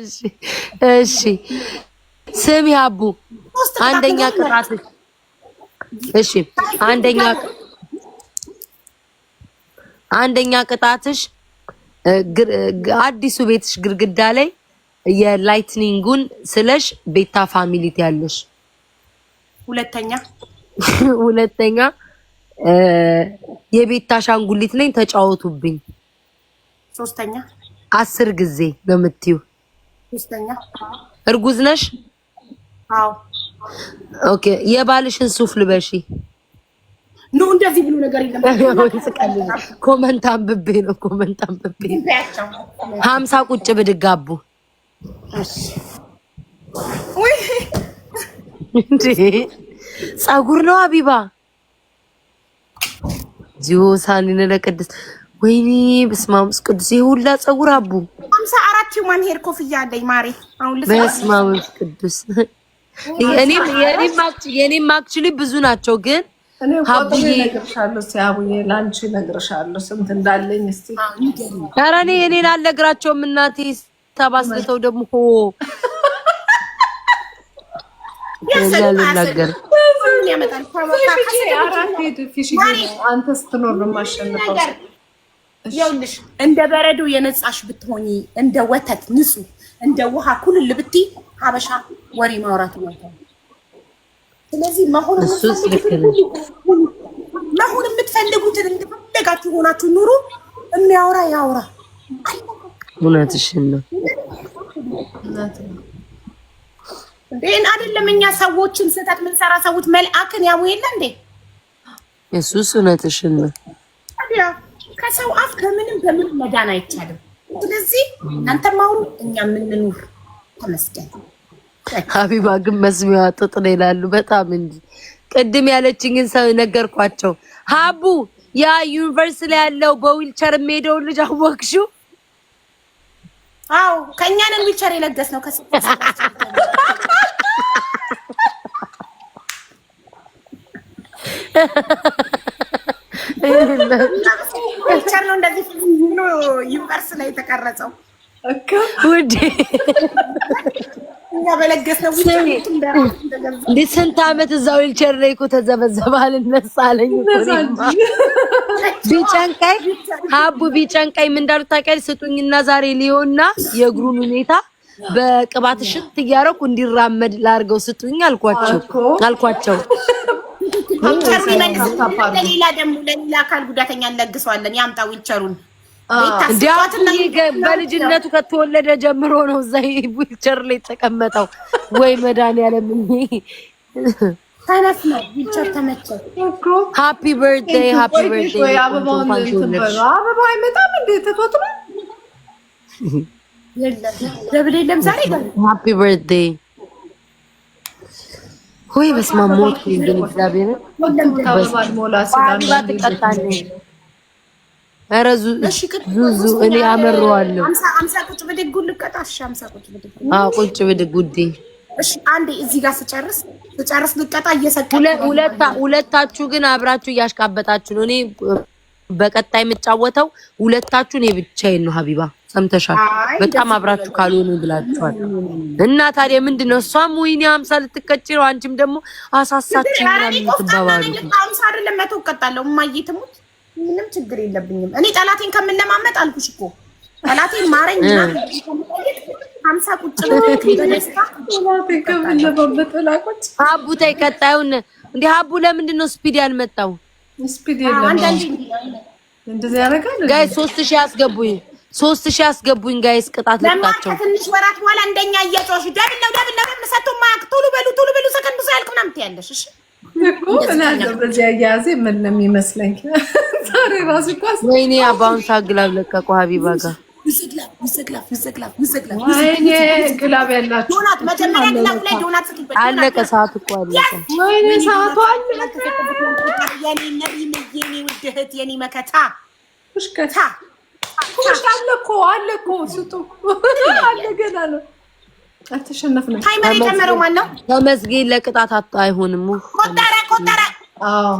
እሺ ስሚ አቡ፣ አንደኛ ቅጣት እሺ፣ አንደኛ አንደኛ ቅጣትሽ አዲሱ ቤትሽ ግድግዳ ላይ የላይትኒንጉን ስለሽ ቤታ ፋሚሊ ያለሽ። ሁለተኛ ሁለተኛ የቤታ አሻንጉሊት ነኝ ተጫወቱብኝ። ሶስተኛ አስር ጊዜ ነው የምትይው ሶስተኛ እርጉዝ ነሽ? አዎ። ኦኬ። የባልሽን ሱፍ ልበሺ። ኑ እንደዚህ ብሎ ነገር የለም። ኮመንት አንብቤ ነው። ኮመንት አንብቤ ሀምሳ ቁጭ ብድግ አቡ እንዴ ጸጉር ነው አቢባ ዚሆ ሳኒነ ወይኔ በስመ አብ ቅዱስ የሁላ ፀጉር አቡ ሀምሳ አራት ማን ሄር ኮፍያ አለኝ ማሬ። አሁን በስመ አብ ቅዱስ የኔም አክቹሊ ብዙ ናቸው ግን ሀቡዬ እነግርሻለሁ። ስንት እንዳለኝ እኔ የኔን አልነግራቸውም እናቴ ታባስተው ደግሞ ልናገር አንተ ስትኖር ነው የማሸንፈው ይኸውልሽ እንደ በረዶ የነጻሽ ብትሆኚ እንደ ወተት ንጹህ እንደ ውሃ ኩልል ብትይ ሀበሻ ወሬ ማውራት ነው። ስለዚህ መሆን መሆን የምትፈልጉትን እንደፈለጋችሁ ሆናችሁ ኑሩ። የሚያወራ ያውራ። እውነትሽን ነው። ይህን አይደለም እኛ ሰዎችን ስህተት ምንሰራ ሰዎች መልአክን ያሙ የለ እንዴ? የሱስ እውነትሽን ነው። ከሰው አፍ በምንም በምንም መዳን አይቻልም። ስለዚህ እናንተ ማውሩ እኛ የምንኑር ተመስገን። ሀቢባ ግን መስሚዋ ጥጥ ነው ይላሉ። በጣም እንጂ ቅድም ያለችኝን ሰው ነገርኳቸው። ሀቡ ያ ዩኒቨርሲቲ ላይ ያለው በዊልቸር የሚሄደውን ልጅ አወቅሽው? አዎ ከእኛ ነን ዊልቸር የለገስ ነው ፒክቸር ነው እንደዚህ ዩኒቨርስ ላይ የተቀረጸው ውድ ስንት ዓመት እዛ ዊልቸር ላይ እኮ ተዘበዘበ አልነሳ ቢጨንቀኝ ሀቡ ቢጨንቀኝ ምን እንዳሉ ታውቂያለሽ? ስጡኝና ዛሬ ሊሆንና የእግሩን ሁኔታ በቅባት ሽት እያደረኩ እንዲራመድ ላድርገው ስጡኝ አልኳቸው አልኳቸው። ዊልቸሩን ይመልስ። ለሌላ ደግሞ ለሌላ አካል ጉዳተኛ እንለግሰዋለን። ያምጣ ዊልቸሩን። በልጅነቱ ከተወለደ ጀምሮ ነው እዛ ዊልቸር ላይ የተቀመጠው። ወይ መድኃኒዓለም ተነስ ነው ዊልቸር ተመቸ። ሃፒ በርዝዴይ ሃፒ በርዝዴይ። አበባ አይመጣም እንዴ? ተቶት የለም። ዛሬ ሃፒ በርዝዴይ ወይ በስመ አብ ሞት ግን እግዚአብሔር ኧረ ዙዙ እኔ አመረዋለሁ። ቁጭ ብድግ አንዴ እዚህ ጋር ስጨርስ ስጨርስ ልቀጣ። እየሰቀለ ሁለታችሁ ግን አብራችሁ እያሽቃበጣችሁ ነው። እኔ በቀጣይ የምጫወተው ሁለታችሁ እኔ ብቻዬን ነው ሀቢባ ሰምተሻል። በጣም አብራችሁ ካልሆኑ ብላችኋል። እና ታዲያ ምንድን ነው እሷም ወይኔ አምሳ ልትቀጭ ነው፣ አንቺም ደግሞ አሳሳች ምናምትባባሉ አምሳ አይደለም መቶ እቀጣለሁ። እማዬ ትሙት ምንም ችግር የለብኝም። እኔ ጠላቴን ከምለማመጥ አልኩሽ እኮ ጠላቴን ማረኝ ሀምሳ ቁጭ ሀቡ ተይ፣ ቀጣዩን እንዲ ሀቡ ለምንድን ነው ስፒድ ያልመጣው? ስፒድ የለም። ጋይ ሶስት ሺህ አስገቡኝ ሶስት ሺህ አስገቡኝ ጋይስ ቅጣት ልጣቸው። ትንሽ ወራት በኋላ እንደኛ እየጮሽ ደብ ነው ደብ ነው ሰቶ ማክ ቶሎ በሉ ቶሎ በሉ ብዙ ያልኩ ምናምን ትያለሽ። እሺ እኮ እናንተ ምን ነው ዛሬ ራሱ ኳስ ወይኔ አባውን ሳግላብ ለቀቁ ሀቢባ ጋር አለቀ። ሰዓት እኮ አለቀ። ወይኔ ሰዓቱ አለቀ። የኔ የኔ ውድ እህት የኔ መከታ አለ እኮ አለ እኮ ስጡ አለ ገና ነው። አልተሸነፍንም። ታይመር የጀመረው ማን ነው? ተመስገን ለቅጣት አጣ አይሆንም። ቆጠረ ቆጠረ። አዎ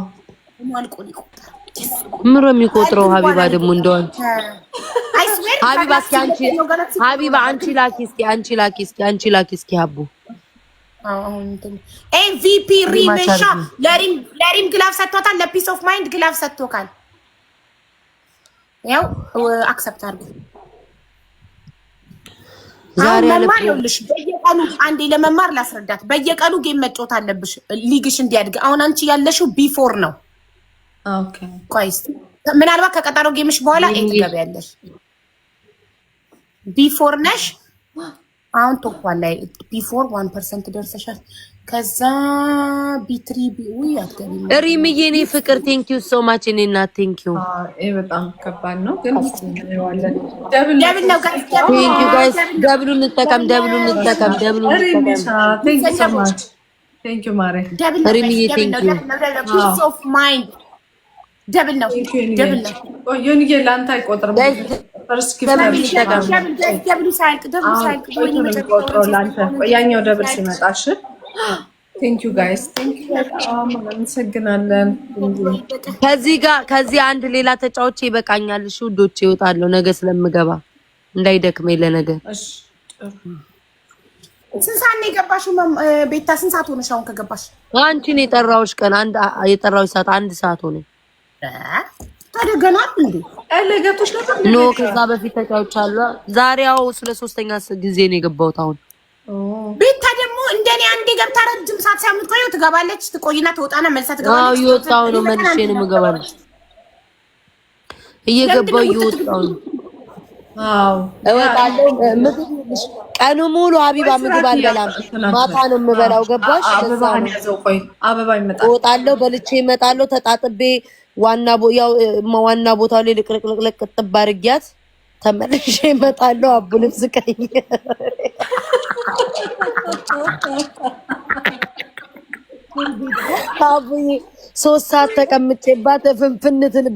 ምሮ የሚቆጥረው ሀቢባ ደግሞ እንደዋል ሀቢባ እስኪ አንቺ ሀቢባ አንቺ ላኪ እስኪ አንቺ ላኪ እስኪ አንቺ ላኪ እስኪ ሀቡ ኤምቪፒ ሪም ለሪም ግላፍ ሰጥቶታል። ለፒስ ኦፍ ማይንድ ግላፍ ሰጥቶካል። ያው አክሰፕት አድርጉ። ዛሬ ይኸውልሽ በየቀኑ አንዴ ለመማር ላስረዳት፣ በየቀኑ ጌም መጫወት አለብሽ ሊግሽ እንዲያድግ። አሁን አንቺ ያለሽው ቢፎር ነው። ኦኬ ቆይ ምናልባት ከቀጠሮ ጌምሽ በኋላ ኤት ገበያለሽ። ቢፎር ነሽ አሁን ቶኳ ላይ ቢፎር ዋን ፐርሰንት ደርሰሻል። ከዛ ቢትሪ ቢዊ አትገቢም። ሪምዬ እኔ ፍቅር ቴንኪዩ ሶ ማች እኔ እና ቴንኪዩ በጣም ከባድ ነው ግን ደብሉ እንጠቀም፣ ደብሉ እንጠቀም፣ ደብሉ እንጠቀም። ሪምዬ ቴንኪዩ ደብል ነው ደብል ነው። ያኛው ደብል ሲመጣ እሺ ቴንኪዩ ጋይስ ቴንኪዩ በጣም እናመሰግናለን። ከዚህ ጋር ከዚህ አንድ ሌላ ተጫዎች ይበቃኛል። እሺ ውዶቼ እወጣለሁ ነገ ስለምገባ እንዳይደክመኝ ለነገ። እሺ ስንት ሰዓት ነው የገባሽው? ቤታ ስንት ሰዓት ሆነሽ አሁን ከገባሽ? አንቺን የጠራሁሽ ቀን አንድ የጠራሁሽ ሰዓት አንድ ሰዓት ሆነ። ታዲያ እንዴ ኖ ከዛ በፊት ተጫዎች ዛሬ ያው ስለ ሶስተኛ ጊዜ ነው የገባሁት አሁን ቤታ እንደኔ አንዴ ገብታ ረጅም ሰዓት ቆየው ትገባለች፣ ትቆይና ትወጣና መልሳ ትገባለች። አዎ እየወጣሁ ነው፣ መልሼ ነው የምገባለች። እየገባሁ እየወጣሁ ነው። አዎ እወጣለሁ። ምግብ ቀኑ ሙሉ ሀቢባ ምግብ አልበላም፣ ማታ ነው የምበላው። ገባሽ? ያዘው። ቆይ አበባ ይመጣል። እወጣለሁ፣ በልቼ እመጣለሁ። ተጣጥቤ ዋና ያው ዋና ቦታው ላይ ልቅልቅልቅልቅ ጥብ አድርጊያት ተመልሼ እመጣለሁ። ሶስት ሰዓት ተቀምጬባት ፍንፍንትን